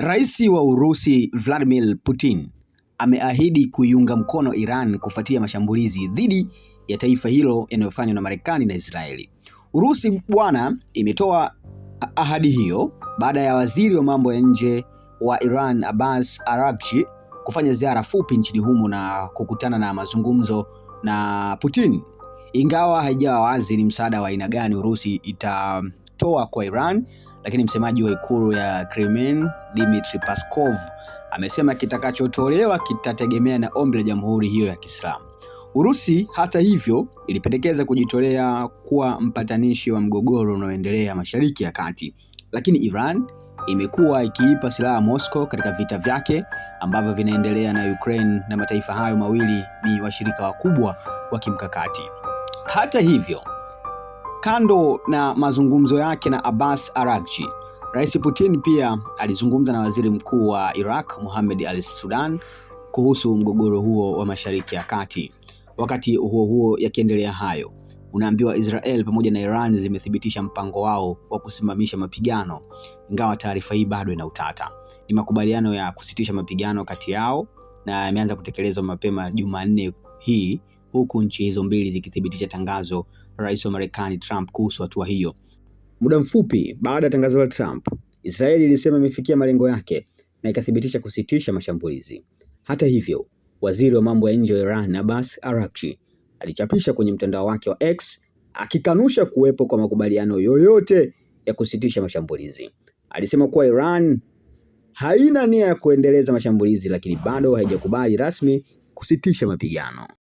Rais wa Urusi Vladimir Putin ameahidi kuiunga mkono Iran kufuatia mashambulizi dhidi ya taifa hilo yanayofanywa na Marekani na Israeli. Urusi bwana imetoa ahadi hiyo baada ya waziri wa mambo ya nje wa Iran Abbas Araghchi kufanya ziara fupi nchini humo na kukutana na mazungumzo na Putin. Ingawa haijawa wazi ni msaada wa aina gani Urusi itatoa kwa Iran lakini msemaji wa ikulu ya Kremlin Dmitry Peskov amesema kitakachotolewa kitategemea na ombi la jamhuri hiyo ya Kiislamu. Urusi hata hivyo ilipendekeza kujitolea kuwa mpatanishi wa mgogoro unaoendelea Mashariki ya Kati, lakini Iran imekuwa ikiipa silaha Moscow katika vita vyake ambavyo vinaendelea na Ukraine, na mataifa hayo mawili ni washirika wakubwa wa kimkakati. Hata hivyo Kando na mazungumzo yake na Abbas Araghchi, Rais Putin pia alizungumza na Waziri Mkuu wa Iraq Mohamed al-Sudan kuhusu mgogoro huo wa Mashariki ya Kati. Wakati huo huo, yakiendelea hayo, unaambiwa Israel pamoja na Iran zimethibitisha mpango wao wa kusimamisha mapigano, ingawa taarifa hii bado ina utata. Ni makubaliano ya kusitisha mapigano kati yao na yameanza kutekelezwa mapema Jumanne hii huku nchi hizo mbili zikithibitisha tangazo la rais wa Marekani Trump kuhusu hatua hiyo. Muda mfupi baada ya tangazo la Trump, Israeli ilisema imefikia malengo yake na ikathibitisha kusitisha mashambulizi. Hata hivyo, waziri wa mambo ya nje wa Iran Abbas Araghchi alichapisha kwenye mtandao wake wa X akikanusha kuwepo kwa makubaliano yoyote ya kusitisha mashambulizi. Alisema kuwa Iran haina nia ya kuendeleza mashambulizi lakini bado haijakubali rasmi kusitisha mapigano.